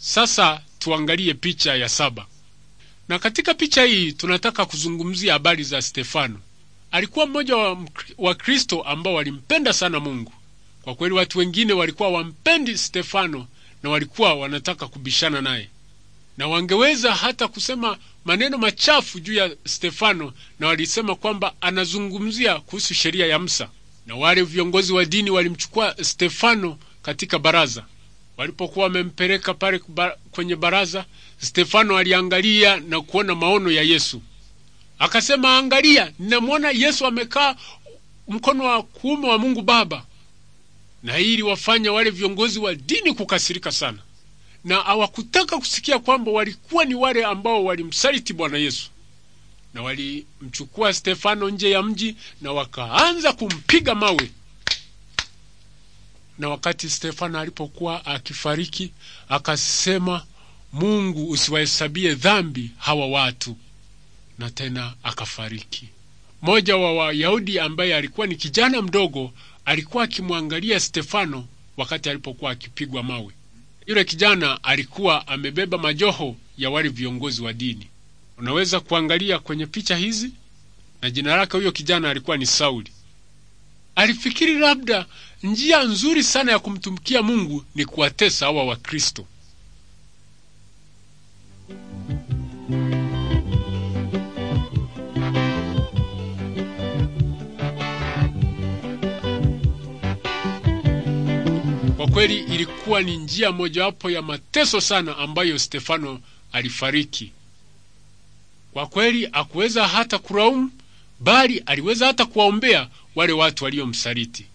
Sasa tuangalie picha ya saba. Na katika picha hii tunataka kuzungumzia habari za Stefano. Alikuwa mmoja wa kristo ambao walimpenda sana Mungu. Kwa kweli watu wengine walikuwa wampendi Stefano na walikuwa wanataka kubishana naye, na wangeweza hata kusema maneno machafu juu ya Stefano, na walisema kwamba anazungumzia kuhusu sheria ya Musa, na wale viongozi wa dini walimchukua Stefano katika baraza Walipokuwa wamempeleka pale kwenye baraza, Stefano aliangalia na kuona maono ya Yesu, akasema, angalia, ninamwona Yesu amekaa mkono wa kuume wa Mungu Baba. Na hii iliwafanya wale viongozi wa dini kukasirika sana, na hawakutaka kusikia kwamba walikuwa ni wale ambao walimsaliti Bwana Yesu, na walimchukua Stefano nje ya mji na wakaanza kumpiga mawe na wakati Stefano alipokuwa akifariki akasema, Mungu usiwahesabie dhambi hawa watu, na tena akafariki. Mmoja wa Wayahudi ambaye alikuwa ni kijana mdogo alikuwa akimwangalia Stefano wakati alipokuwa akipigwa mawe. Yule kijana alikuwa amebeba majoho ya wale viongozi wa dini, unaweza kuangalia kwenye picha hizi, na jina lake huyo kijana alikuwa ni Sauli. Alifikiri labda njia nzuri sana ya kumtumikia Mungu ni kuwatesa hawa Wakristo. Kwa kweli ilikuwa ni njia mojawapo ya mateso sana ambayo Stefano alifariki. Kwa kweli hakuweza hata kulaumu, bali aliweza hata kuwaombea wale watu waliomsaliti.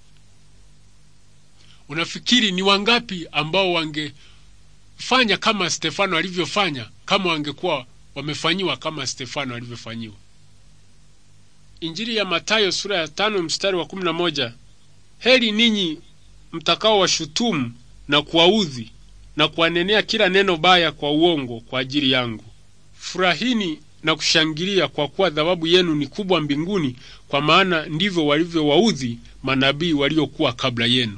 Unafikiri ni wangapi ambao wangefanya kama Stefano alivyofanya kama wangekuwa wamefanyiwa kama Stefano alivyofanyiwa? Injili ya Mathayo sura ya tano mstari wa kumi na moja heri ninyi mtakao washutumu na kuwaudhi na kuwanenea kila neno baya kwa uongo kwa ajili yangu. Furahini na kushangilia, kwa kuwa thawabu yenu ni kubwa mbinguni, kwa maana ndivyo walivyowaudhi manabii waliokuwa kabla yenu.